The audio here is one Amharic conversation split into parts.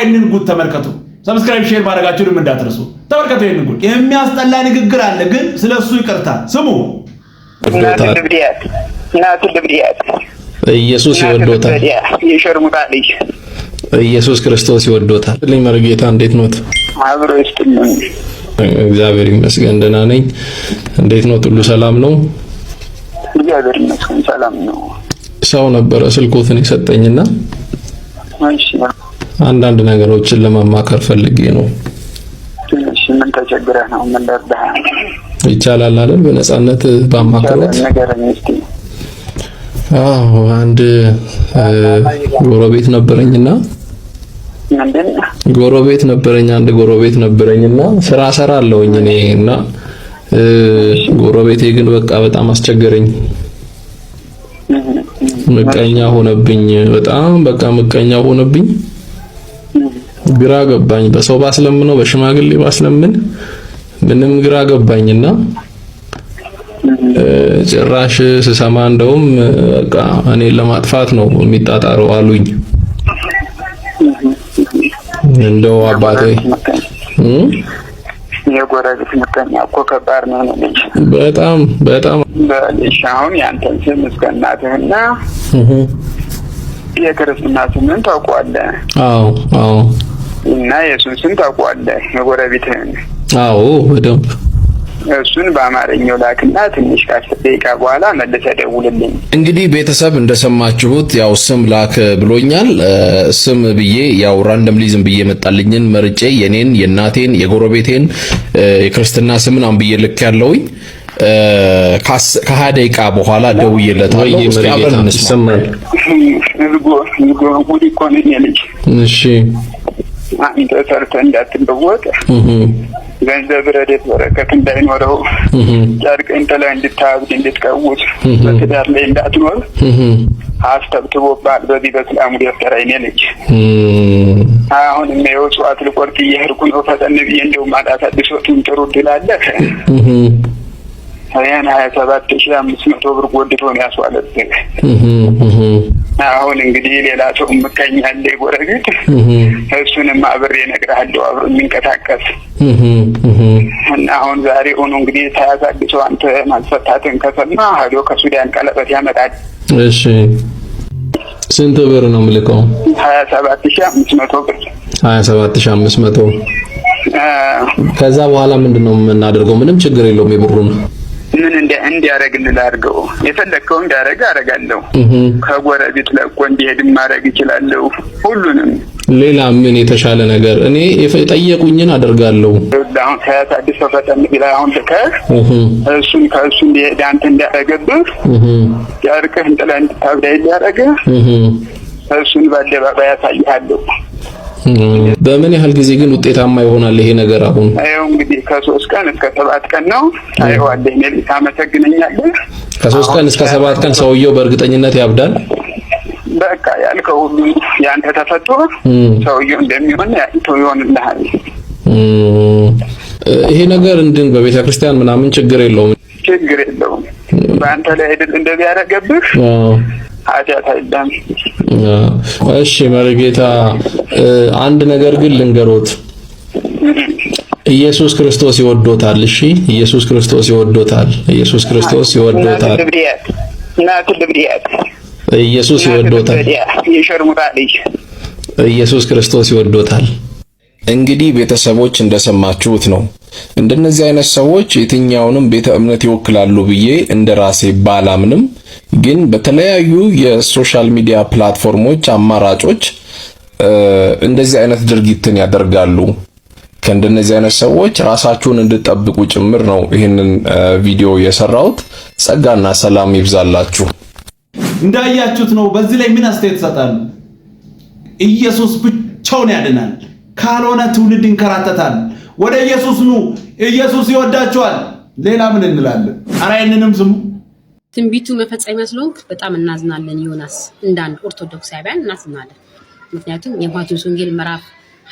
ይህንን ጉድ ተመልከቱ። ሰብስክራይብ ሼር ማድረጋችሁንም እንዳትረሱ። ተመልከቱ ይህንን ጉድ። የሚያስጠላ ንግግር አለ፣ ግን ስለ እሱ ይቅርታ ስሙ። ኢየሱስ ይወዶታል። ኢየሱስ ክርስቶስ ይወዶታል። ልኝ መርጌታ እንዴት ኖት? አብሮ ይስጥልኝ። እግዚአብሔር ይመስገን ደህና ነኝ። እንዴት ኖት? ሁሉ ሰላም ነው? እግዚአብሔር ይመስገን ሰላም ነው። ሰው ነበረ ስልኮትን የሰጠኝና አንዳንድ ነገሮችን ለማማከር ፈልጌ ነው። ትንሽ ምን ተቸግረህ ነው? ምን ልርዳህ? ይቻላል አይደል? በነጻነት ባማከረት አዎ አንድ ጎረቤት ነበረኝና ጎረቤት ነበረኝ አንድ ጎረቤት ነበረኝና ስራ ሰራለሁኝ እኔ እና ጎረቤቴ ግን በቃ በጣም አስቸገረኝ። ምቀኛ ሆነብኝ። በጣም በቃ ምቀኛ ሆነብኝ። ግራ ገባኝ። በሰው ባስለምነው በሽማግሌ ባስለምን ምንም ግራ ገባኝና ጭራሽ ስሰማ እንደውም በቃ እኔን ለማጥፋት ነው የሚጣጣረው አሉኝ። እንደው አባቴ የጎረቤት ምቀኛ እኮ ከባድ ነው ነው ልጅ በጣም በጣም ልጅ ያንተን ስም እስከ እናትህና የክርስትና ስምን ታውቀዋለህ። አዎ አዎ እና የእሱን ስም ታውቀዋለህ? የጎረቤትህን? አዎ በደንብ። እሱን በአማርኛው ላክና ትንሽ ከአስር ደቂቃ በኋላ መልሰህ ደውልልኝ። እንግዲህ ቤተሰብ እንደሰማችሁት ያው ስም ላክ ብሎኛል። ስም ብዬ ያው ራንደምሊ ዝም ብዬ መጣልኝን መርጬ የኔን፣ የእናቴን፣ የጎረቤቴን የክርስትና ስምን አንብዬ ልክ ያለውኝ ከሀያ ደቂቃ በኋላ ደውዬለታለሁ። እስኪ አብረን እንስማ። እሺ አንተ ሰርተህ እንዳትለወጥ ገንዘብ ረዴት በረከት እንዳይኖረው ጨርቅን ጥለህ እንድታብድ እንድትቀውጥ በትዳር ላይ እንዳትኖር አስተብትቦብሃል። በዚህ በስላሙ ደፍተራ ይኔ ልጅ አሁን የሚየው እጽዋት ልቆርጥ እየሄድኩ ነው። ፈጠን ብዬ እንደው ማዳት ጥሩ ድላለህ ያን ሀያ ሰባት ሺህ አምስት መቶ ብር ጎድቶ ነው ያስዋለብህ አሁን እንግዲህ ሌላ ሰው ምቀኝ ያለ ጎረቤት እሱንም አብሬ እነግርሃለሁ አብሮ የሚንቀሳቀስ እና አሁን ዛሬ ሆኖ እንግዲህ ታያዛግሰው አንተ ማስፈታትን ከሰማ ሄዶ ከሱዳን ቀለበት ያመጣል። እሺ ስንት ብር ነው ምልከው? ሀያ ሰባት አምስት መቶ ብር ሀያ ሰባት አምስት መቶ ከዛ በኋላ ምንድን ነው የምናደርገው? ምንም ችግር የለውም የብሩን ምን እንዲያደርግልህ አድርገው የፈለግከው እንዲያደርግ አደርጋለሁ። ከጎረቤት ለቆ እንዲሄድ ማድረግ እችላለሁ። ሁሉንም ሌላ ምን የተሻለ ነገር እኔ የጠየቁኝን አደርጋለሁ። አሁን ሳያት አዲስ ፈጠን ቢላ አሁን ልከህ እሱን ከእሱ እንዲሄድ አንተ እንዲያደርግብህ ጨርቅህን ጥለህ እንድታብዳ ሊያደርግህ እሱን በአደባባይ ያሳይሃለሁ። በምን ያህል ጊዜ ግን ውጤታማ ይሆናል ይሄ ነገር? አሁን ይኸው እንግዲህ ከሶስት ቀን እስከ ሰባት ቀን ነው። አለ ሜል ታመሰግነኛለህ። ከሶስት ቀን እስከ ሰባት ቀን ሰውየው በእርግጠኝነት ያብዳል። በቃ ያልከው ሁሉ ያንተ ተፈቶ ሰውየው እንደሚሆን ያንተ ይሆንልሃል። ይሄ ነገር እንድን በቤተ ክርስቲያን ምናምን ችግር የለውም ችግር የለውም። በአንተ ላይ አይደል እንደዚህ ያደረገብህ ኃጢአት አይደለም እሺ መርጌታ፣ አንድ ነገር ግን ልንገሮት። ኢየሱስ ክርስቶስ ይወዶታል። እሺ፣ ኢየሱስ ክርስቶስ ይወዶታል። ኢየሱስ ክርስቶስ ይወዶታል። ኢየሱስ ይወዶታል። ኢየሱስ ክርስቶስ ይወዶታል። እንግዲህ ቤተሰቦች እንደሰማችሁት ነው። እንደነዚህ አይነት ሰዎች የትኛውንም ቤተ እምነት ይወክላሉ ብዬ እንደራሴ ባላምንም ግን በተለያዩ የሶሻል ሚዲያ ፕላትፎርሞች አማራጮች እንደዚህ አይነት ድርጊትን ያደርጋሉ። ከእንደነዚህ አይነት ሰዎች ራሳችሁን እንድጠብቁ ጭምር ነው ይህንን ቪዲዮ የሰራሁት። ጸጋና ሰላም ይብዛላችሁ። እንዳያችሁት ነው። በዚህ ላይ ምን አስተያየት ይሰጣሉ? ኢየሱስ ብቻውን ያድናል፣ ካልሆነ ትውልድ ይንከራተታል። ወደ ኢየሱስ ኑ፣ ኢየሱስ ይወዳችኋል። ሌላ ምን እንላለን? አራ ይህንንም ስሙ። ትንቢቱ መፈጸሚያ ስለሆንክ በጣም እናዝናለን ዮናስ፣ እንዳንድ ኦርቶዶክሳውያን እናዝናለን። ምክንያቱም የማቴዎስ ወንጌል ምዕራፍ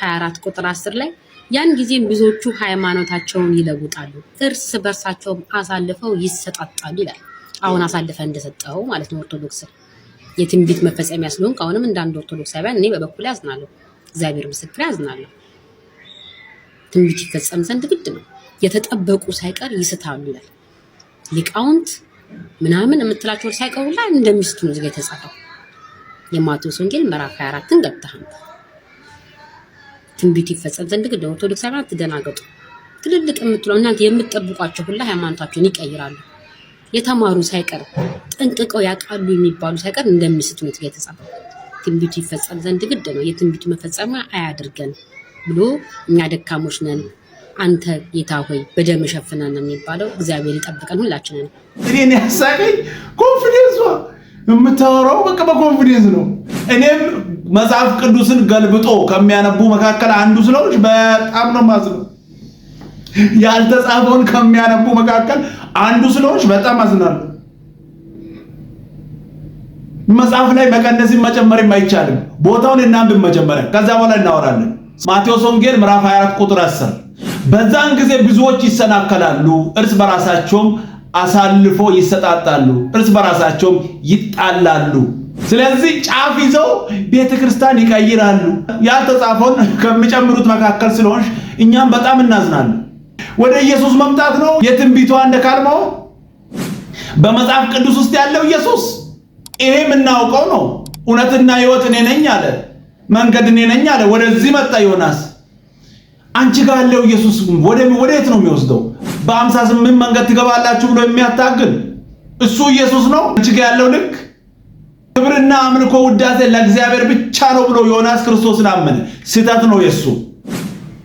24 ቁጥር 10 ላይ ያን ጊዜም ብዙዎቹ ሃይማኖታቸውን ይለውጣሉ፣ እርስ በርሳቸውም አሳልፈው ይሰጣጣሉ ይላል። አሁን አሳልፈ እንደሰጠው ማለት ነው። ኦርቶዶክስ የትንቢት መፈጸሚያ ስለሆንክ አሁንም እንዳንድ ኦርቶዶክሳውያን እኔ በበኩሌ አዝናለሁ። እግዚአብሔር ምስክር ያዝናለሁ። ትንቢት ይፈጸም ዘንድ ግድ ነው። የተጠበቁ ሳይቀር ይስታሉ ይላል ሊቃውንት ምናምን የምትላቸው ሳይቀሩ ሳይቀሩላ እንደሚስቱ ነው እዚጋ የተጻፈው። የማቴዎስ ወንጌል ምዕራፍ 24ን ገብተሃል። ትንቢት ይፈጸም ዘንድ ግን ኦርቶዶክሳውያን አትደናገጡ። ትልልቅ የምትለው እናንተ የምትጠብቋቸው ሁላ ሃይማኖታቸውን ይቀይራሉ። የተማሩ ሳይቀር ጠንቅቀው ያውቃሉ የሚባሉ ሳይቀር እንደሚስቱ ነው እዚጋ የተጻፈው። ትንቢቱ ይፈጸም ዘንድ ግድ ነው። የትንቢቱ መፈጸሚያ አያድርገን ብሎ እኛ ደካሞች ነን አንተ ጌታ ሆይ በደም ሸፍናን ነው የሚባለው። እግዚአብሔር ይጠብቀን ሁላችንን። እኔን ያሳቀኝ ኮንፊደንስ የምታወራው በቃ በኮንፊደንስ ነው። እኔም መጽሐፍ ቅዱስን ገልብጦ ከሚያነቡ መካከል አንዱ ስለሆነች በጣም ነው ማዝነው። ያልተጻፈውን ከሚያነቡ መካከል አንዱ ስለሆነች በጣም አዝናለሁ። መጽሐፍ ላይ መቀነስም መጨመርም አይቻልም። ቦታውን እናንብብ መጀመሪያ፣ ከዛ በኋላ እናወራለን። ማቴዎስ ወንጌል ምዕራፍ 24 ቁጥር 10 በዛን ጊዜ ብዙዎች ይሰናከላሉ፣ እርስ በራሳቸውም አሳልፎ ይሰጣጣሉ፣ እርስ በራሳቸውም ይጣላሉ። ስለዚህ ጫፍ ይዘው ቤተ ክርስቲያን ይቀይራሉ። ያልተጻፈውን ከሚጨምሩት መካከል ስለሆንሽ እኛም በጣም እናዝናለን። ወደ ኢየሱስ መምጣት ነው የትንቢቷ እንደ ካልመው በመጽሐፍ ቅዱስ ውስጥ ያለው ኢየሱስ ይሄ የምናውቀው ነው። እውነትና ሕይወት እኔ ነኝ አለ። መንገድ እኔ ነኝ አለ። ወደዚህ መጣ ዮናስ አንቺ ጋር ያለው ኢየሱስ ወደ ወዴት ነው የሚወስደው? በአምሳ ስምንት መንገድ ትገባላችሁ ብሎ የሚያታግል እሱ ኢየሱስ ነው። አንቺ ጋር ያለው ልክ ክብርና አምልኮ ውዳሴ ለእግዚአብሔር ብቻ ነው ብሎ ዮናስ ክርስቶስን አመነ። ስህተት ነው የሱ።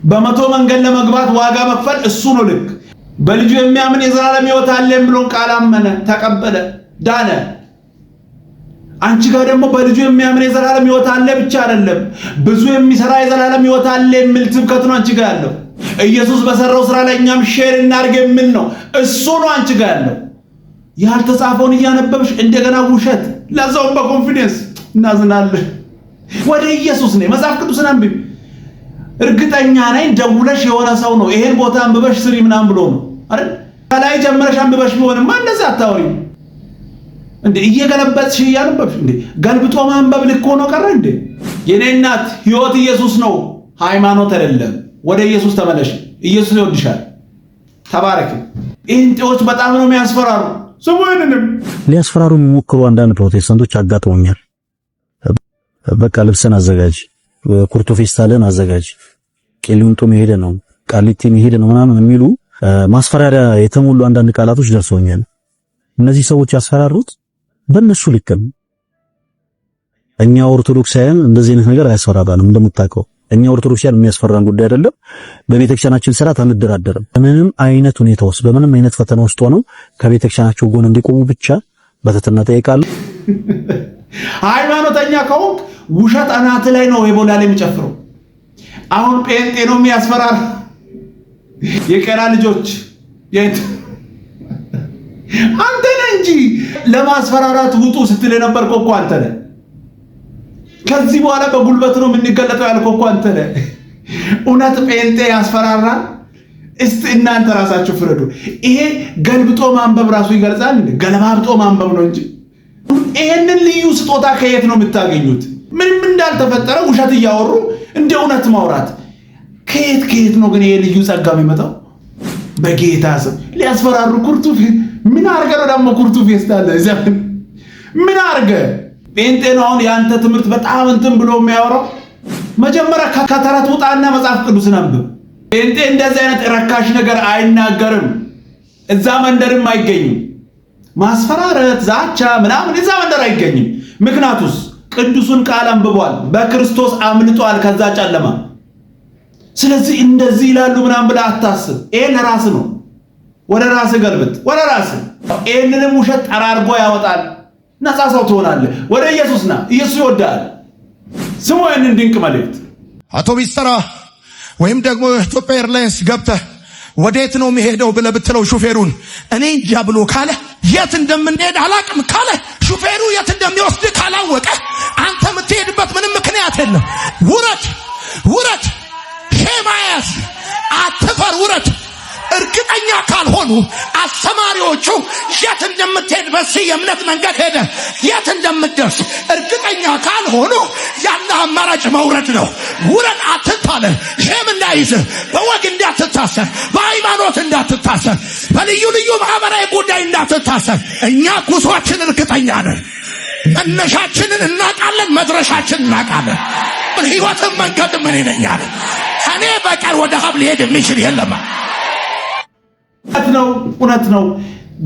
በመቶ መንገድ ለመግባት ዋጋ መክፈል እሱ ነው ልክ። በልጁ የሚያምን የዘላለም ሕይወት አለን ብሎን ቃል አመነ፣ ተቀበለ፣ ዳነ። አንቺ ጋር ደግሞ በልጁ የሚያምን የዘላለም ህይወት አለ ብቻ አይደለም፣ ብዙ የሚሰራ የዘላለም ህይወት አለ የሚል ትብከት ነው አንቺ ጋር ያለው። ኢየሱስ በሰራው ስራ ላይ እኛም ሼር እናድርግ የሚል ነው። እሱ ነው አንቺ ጋር ያለው። ያልተጻፈውን እያነበብሽ እንደገና ውሸት፣ ለዛውም በኮንፊደንስ እናዝናለን። ወደ ኢየሱስ ነይ፣ መጽሐፍ ቅዱስን አንብቢ። እርግጠኛ ነኝ ደውለሽ የሆነ ሰው ነው ይሄን ቦታ አንብበሽ ስሪ ምናምን ብሎ ነው አይደል? ከላይ ጀምረሽ አንብበሽ ቢሆንማ እንደዚህ አታወሪም። እንደ እየገለበጥሽ እያነበብሽ እንደ ገልብጦ ማንበብ ልክ ሆኖ ቀረ እንዴ? የኔ እናት ህይወት ኢየሱስ ነው፣ ሃይማኖት አይደለም። ወደ ኢየሱስ ተመለሽ። ኢየሱስ ይወድሻል። ተባረክ። ጴንጤዎች በጣም ነው የሚያስፈራሩ። ሰሞኑንም ሊያስፈራሩ የሚሞክሩ አንዳንድ ፕሮቴስታንቶች አጋጥሞኛል። በቃ ልብስን አዘጋጅ፣ ኩርቶ ፌስታልን አዘጋጅ፣ ቄሊንጦ የሄደ ነው ቃሊቲ የሄደ ነው ምናምን የሚሉ ማስፈራሪያ የተሞሉ አንዳንድ ቃላቶች ደርሰውኛል። እነዚህ ሰዎች ያስፈራሩት በእነሱ ልክ እኛ ኦርቶዶክሳውያን እንደዚህ አይነት ነገር አያስፈራራንም። እንደምታውቀው እኛ ኦርቶዶክሳውያን የሚያስፈራን ጉዳይ አይደለም። በቤተክርስቲያናችን ስርዓት አንደራደርም። በምንም አይነት ሁኔታ ውስጥ በምንም አይነት ፈተና ውስጥ ሆነው ከቤተክርስቲያናቸው ጎን እንዲቆሙ ብቻ በትህትና ጠይቃለሁ። ሃይማኖተኛ ከሆንክ ውሸት አናት ላይ ነው ላይ የሚጨፍረው። አሁን ጴንጤ ነው የሚያስፈራራ የቀራ ልጆች አንተ ነህ እንጂ ለማስፈራራት ውጡ ስትል ነበር እኮ አንተ ነህ። ከዚህ በኋላ በጉልበት ነው የምንገለጠው ያልከው እኮ አንተ ነህ። እውነት ጴንጤ ያስፈራራ እስቲ እናንተ ራሳችሁ ፍረዱ። ይሄ ገልብጦ ማንበብ ራሱ ይገልጻል። ገለባብጦ ማንበብ ነው እንጂ ይሄንን ልዩ ስጦታ ከየት ነው የምታገኙት? ምንም እንዳልተፈጠረ ውሸት እያወሩ እንደ እውነት ማውራት ከየት ከየት ነው ግን ይሄ ልዩ ጸጋ የሚመጣው? በጌታ ስም ሊያስፈራሩ ኩርቱ ምን አርገ ነው ደግሞ ኩርቱ ፌስታለ ዘፍን ምን አርገ ጴንጤ ነው አሁን የአንተ ትምህርት በጣም እንትን ብሎ የሚያወራው። መጀመሪያ ከተረት ውጣና መጽሐፍ ቅዱስ ነብብ። ጴንጤ እንደዚህ አይነት ረካሽ ነገር አይናገርም። እዛ መንደርም አይገኝም። ማስፈራረት፣ ዛቻ ምናምን እዛ መንደር አይገኝም። ምክንያቱስ ቅዱሱን ቃል አንብቧል። በክርስቶስ አምልጧል ከዛ ጨለማ። ስለዚህ እንደዚህ ይላሉ ምናምን ብለህ አታስብ። ይሄ ለራስ ነው። ወደ ራስ ገልብጥ። ወደ ራስህ ይህንንም ውሸት ጠራርጎ ያወጣል። ነፃ ሰው ትሆናለህ። ወደ ኢየሱስ ና፣ ኢየሱስ ይወዳል። ስሙ ይህንን ድንቅ መልእክት። አውቶቢስ ተራ ወይም ደግሞ ኢትዮጵያ ኤርላይንስ ገብተህ ወዴት ነው የሚሄደው ብለህ ብትለው ሹፌሩን እኔ እንጃ ብሎ ካለ የት እንደምንሄድ አላቅም ካለ ሹፌሩ የት እንደሚወስድ ካላወቀ አንተ የምትሄድበት ምንም ምክንያት የለም። ውረድ፣ ውረድ፣ ሼማ ያዝ፣ አትፈር፣ ውረድ ውረድ ሼማ አትፈር ውረድ እርግጠኛ ካልሆኑ አስተማሪዎቹ የት እንደምትሄድ በዚህ የእምነት መንገድ ሄደ የት እንደምትደርስ እርግጠኛ ካልሆኑ ያለ አማራጭ መውረድ ነው። ውረድ፣ አትታለ፣ ሼም እንዳይዝ፣ በወግ እንዳትታሰር፣ በሃይማኖት እንዳትታሰር፣ በልዩ ልዩ ማህበራዊ ጉዳይ እንዳትታሰር። እኛ ጉዟችን እርግጠኛ ነን። መነሻችንን እናቃለን። መድረሻችንን እናቃለን። ህይወትን መንገድ ምን ይነኛለን። ከእኔ በቀር ወደ ሀብ ሊሄድ የሚችል የለማ እውነት ነው፣ እውነት ነው።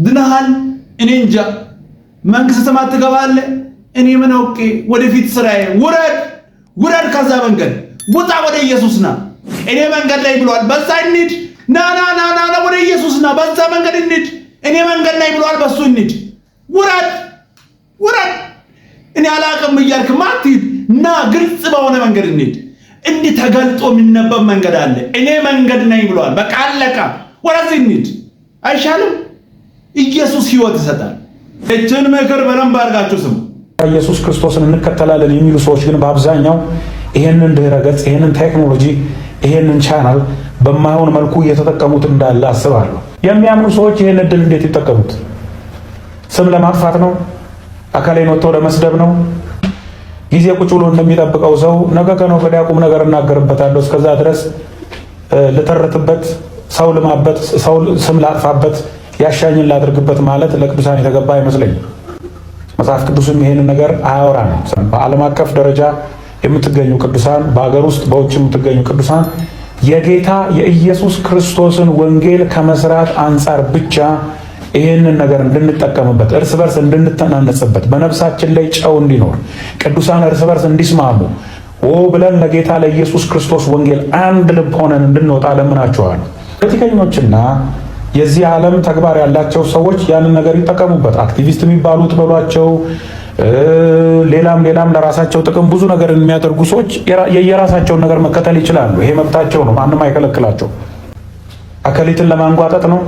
ድነሃል፣ እኔ እንጃ። መንግስት ሰማት ትገባለህ። እኔ ምን አውቄ? ወደፊት ስራዬ። ውረድ፣ ውረድ፣ ከዛ መንገድ ውጣ፣ ወደ ኢየሱስ ና። እኔ መንገድ ላይ ብሏል፣ በዛ እንሂድ። ና ና ና ና፣ ወደ ኢየሱስ ና፣ በዛ መንገድ እንሂድ። እኔ መንገድ ላይ ብሏል፣ በሱ እንሂድ። ውረድ፣ ውረድ፣ እኔ አላቅም እያልክ ማትሂድ ና፣ ግልጽ በሆነ መንገድ እንሂድ። እንዲህ ተገልጦ የሚነበብ መንገድ አለ። እኔ መንገድ ነኝ ብሏል። በቃ አለቃ ወደዚህ እንሂድ አይሻልም? ኢየሱስ ህይወት ይሰጣል። እችን ምክር በደንብ አድርጋችሁ ስሙ። ኢየሱስ ክርስቶስን እንከተላለን የሚሉ ሰዎች ግን በአብዛኛው ይሄንን ድህረ ገጽ፣ ይሄንን ቴክኖሎጂ፣ ይሄንን ቻናል በማይሆን መልኩ እየተጠቀሙት እንዳለ አስባለሁ። የሚያምኑ ሰዎች ይሄን እድል እንዴት ይጠቀሙት? ስም ለማጥፋት ነው? አካሌን ወጥተው ለመስደብ ነው? ጊዜ ቁጭ ብሎ እንደሚጠብቀው ሰው ነገ ከነገ ወዲያ ቁም ነገር እናገርበታለሁ እስከዛ ድረስ ልተርትበት ሰው ልማበት፣ ሰው ስም ላጥፋበት፣ ያሻኝን ላድርግበት ማለት ለቅዱሳን የተገባ አይመስለኝም። መጽሐፍ ቅዱስም ይሄንን ነገር አያወራም። በዓለም አቀፍ ደረጃ የምትገኙ ቅዱሳን፣ በሀገር ውስጥ በውጭ የምትገኙ ቅዱሳን የጌታ የኢየሱስ ክርስቶስን ወንጌል ከመስራት አንጻር ብቻ ይህንን ነገር እንድንጠቀምበት እርስ በርስ እንድንተናነጽበት በነፍሳችን ላይ ጨው እንዲኖር ቅዱሳን እርስ በርስ እንዲስማሙ ብለን ለጌታ ለኢየሱስ ክርስቶስ ወንጌል አንድ ልብ ሆነን እንድንወጣ ለምናችኋል። ፖለቲከኞችና የዚህ ዓለም ተግባር ያላቸው ሰዎች ያንን ነገር ይጠቀሙበት። አክቲቪስት የሚባሉት በሏቸው፣ ሌላም ሌላም ለራሳቸው ጥቅም ብዙ ነገር የሚያደርጉ ሰዎች የየራሳቸውን ነገር መከተል ይችላሉ። ይሄ መብታቸው ነው፣ ማንም አይከለክላቸው። አከሊትን ለማንጓጠጥ ነው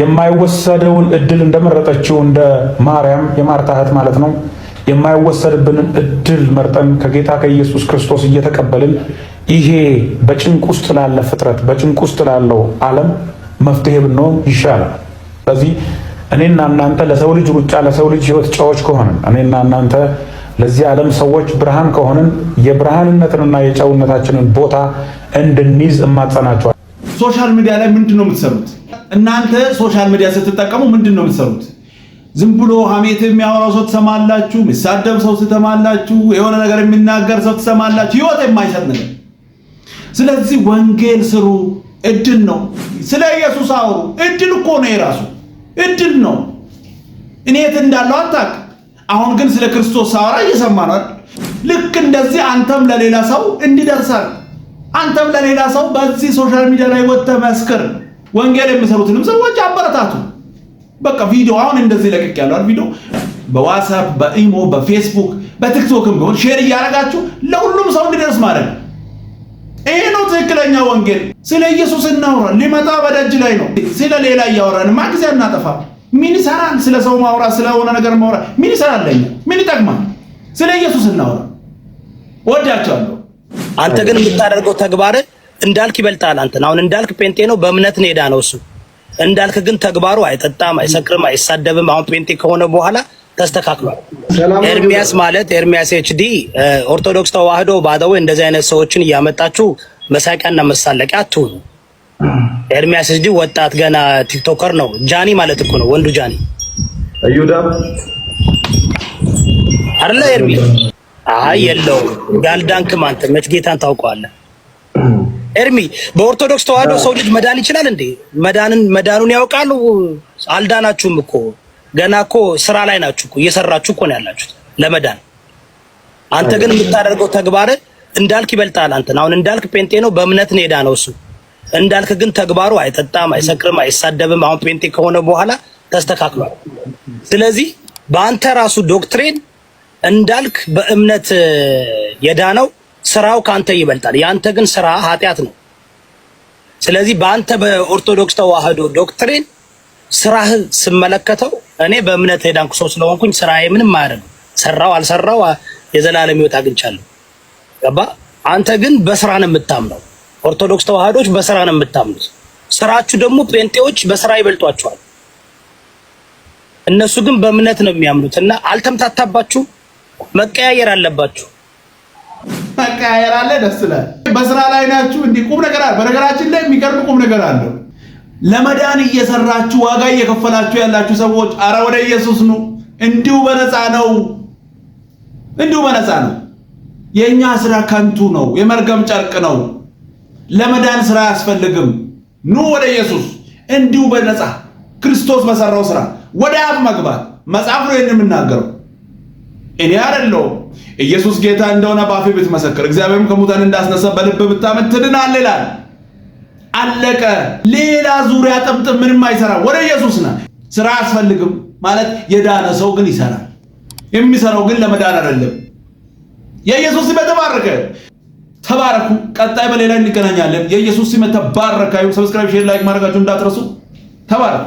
የማይወሰደውን እድል እንደመረጠችው እንደ ማርያም የማርታ እህት ማለት ነው። የማይወሰድብንን እድል መርጠን ከጌታ ከኢየሱስ ክርስቶስ እየተቀበልን ይሄ በጭንቅ ውስጥ ላለ ፍጥረት በጭንቅ ውስጥ ላለው ዓለም መፍትሄ ብንሆን ይሻላል። ስለዚህ እኔና እናንተ ለሰው ልጅ ሩጫ፣ ለሰው ልጅ ህይወት ጫዎች ከሆንን እኔና እናንተ ለዚህ ዓለም ሰዎች ብርሃን ከሆንን የብርሃንነትንና የጨውነታችንን ቦታ እንድንይዝ እማጸናቸዋል። ሶሻል ሚዲያ ላይ ምንድን ነው የምትሰሩት እናንተ? ሶሻል ሚዲያ ስትጠቀሙ ምንድን ነው የምትሰሩት? ዝም ብሎ ሀሜት የሚያወራው ሰው ትሰማላችሁ፣ የሚሳደብ ሰው ትሰማላችሁ፣ የሆነ ነገር የሚናገር ሰው ትሰማላችሁ። ህይወት የማይሰጥ ነገር ስለዚህ ወንጌል ስሩ። እድል ነው። ስለ ኢየሱስ አውሩ። እድል እኮ ነው፣ የራሱ እድል ነው። እኔ የት እንዳለው አታውቅም። አሁን ግን ስለ ክርስቶስ ሳወራ እየሰማ ነው። ልክ እንደዚህ አንተም ለሌላ ሰው እንዲደርሳል። አንተም ለሌላ ሰው በዚህ ሶሻል ሚዲያ ላይ ወጥተህ መስክር። ወንጌል የሚሰሩትንም ሰዎች አበረታቱ። በቃ ቪዲዮ አሁን እንደዚህ ለቅቅ ያለዋል። ቪዲዮ በዋትሳፕ በኢሞ በፌስቡክ በቲክቶክም ቢሆን ሼር እያደረጋችሁ ለሁሉም ሰው እንዲደርስ ማለት ነው። ይሄ ነው ትክክለኛ ወንጌል። ስለ ኢየሱስ እናውራ። ሊመጣ በደጅ ላይ ነው። ስለ ሌላ እያወራን ማ ጊዜ እናጠፋ? ምን ይሰራል? ስለ ሰው ማውራ፣ ስለሆነ ነገር ማውራ ምን ይሰራል? ለኛ ምን ይጠቅማል? ስለ ኢየሱስ እናውራ። ወዳቸዋለሁ። አንተ ግን የምታደርገው ተግባር እንዳልክ ይበልጣል። አንተ አሁን እንዳልክ ጴንጤ ነው፣ በእምነት ነው ሄዳ ነው እሱ እንዳልክ ግን ተግባሩ አይጠጣም፣ አይሰክርም፣ አይሳደብም። አሁን ጴንጤ ከሆነ በኋላ ተስተካክሏል። ኤርሚያስ ማለት ኤርሚያስ ኤችዲ ኦርቶዶክስ ተዋህዶ ባደው እንደዚህ አይነት ሰዎችን እያመጣችሁ መሳቂያና መሳለቂያ አትሁኑ። ኤርሚያስ ኤችዲ ወጣት ገና ቲክቶከር ነው። ጃኒ ማለት እኮ ነው ወንዱ ጃኒ አዩዳ አይደለ? ኤርሚ አይ የለውም። ያልዳንክም አንተ መች ጌታን ታውቀዋለህ? ኤርሚ በኦርቶዶክስ ተዋህዶ ሰው ልጅ መዳን ይችላል እንዴ? መዳንን መዳኑን ያውቃሉ። አልዳናችሁም እኮ ገና እኮ ስራ ላይ ናችሁ እኮ እየሰራችሁ እኮ ነው ያላችሁት ለመዳን። አንተ ግን የምታደርገው ተግባር እንዳልክ ይበልጣል። አንተን አሁን እንዳልክ ጴንጤ ነው፣ በእምነት ነው ነው እሱ እንዳልክ ግን ተግባሩ አይጠጣም፣ አይሰክርም፣ አይሳደብም። አሁን ጴንጤ ከሆነ በኋላ ተስተካክሏል። ስለዚህ በአንተ ራሱ ዶክትሪን እንዳልክ በእምነት የዳነው ስራው ከአንተ ይበልጣል። የአንተ ግን ስራ ኃጢአት ነው። ስለዚህ በአንተ በኦርቶዶክስ ተዋህዶ ዶክትሪን ስራህ ስመለከተው እኔ በእምነት የዳንኩ ሰው ስለሆንኩኝ ስራዬ ምንም አያደርግም። ሰራው አልሰራው የዘላለም ህይወት አግኝቻለሁ። ገባ? አንተ ግን በስራ ነው የምታምነው። ኦርቶዶክስ ተዋህዶች በስራ ነው የምታምኑት። ስራችሁ ደግሞ ጴንጤዎች በስራ ይበልጧቸዋል። እነሱ ግን በእምነት ነው የሚያምኑት። እና አልተምታታባችሁ፣ መቀያየር አለባችሁ። መቀያየር አለ። ደስ ይላል። በስራ ላይ ናችሁ። እንዲህ ቁም ነገር አለ። በነገራችን ላይ የሚቀርብ ቁም ነገር አለው። ለመዳን እየሰራችሁ ዋጋ እየከፈላችሁ ያላችሁ ሰዎች አረ ወደ ኢየሱስ ኑ። እንዲሁ በነፃ ነው፣ እንዲሁ በነፃ ነው። የእኛ ስራ ከንቱ ነው፣ የመርገም ጨርቅ ነው። ለመዳን ስራ አያስፈልግም። ኑ ወደ ኢየሱስ እንዲሁ በነፃ ክርስቶስ በሰራው ስራ ወደ አብ መግባት። መጽሐፍ ነው የምናገረው እኔ አይደለሁም። ኢየሱስ ጌታ እንደሆነ በአፌ ብትመሰክር፣ እግዚአብሔርም ከሙታን እንዳስነሳ በልብ ብታምን ትድናለህ ይላል። አለቀ። ሌላ ዙሪያ ጥምጥም ምንም አይሰራ። ወደ ኢየሱስ ነ ስራ አያስፈልግም ማለት የዳነ ሰው ግን ይሰራል። የሚሰራው ግን ለመዳን አይደለም። የኢየሱስ ስም የተባረከ ተባረኩ። ቀጣይ በሌላ እንገናኛለን። የኢየሱስ ስም የተባረከ ይሁን። ሰብስክራይብ፣ ሼር፣ ላይክ ማድረጋችሁ እንዳትረሱ። ተባረኩ።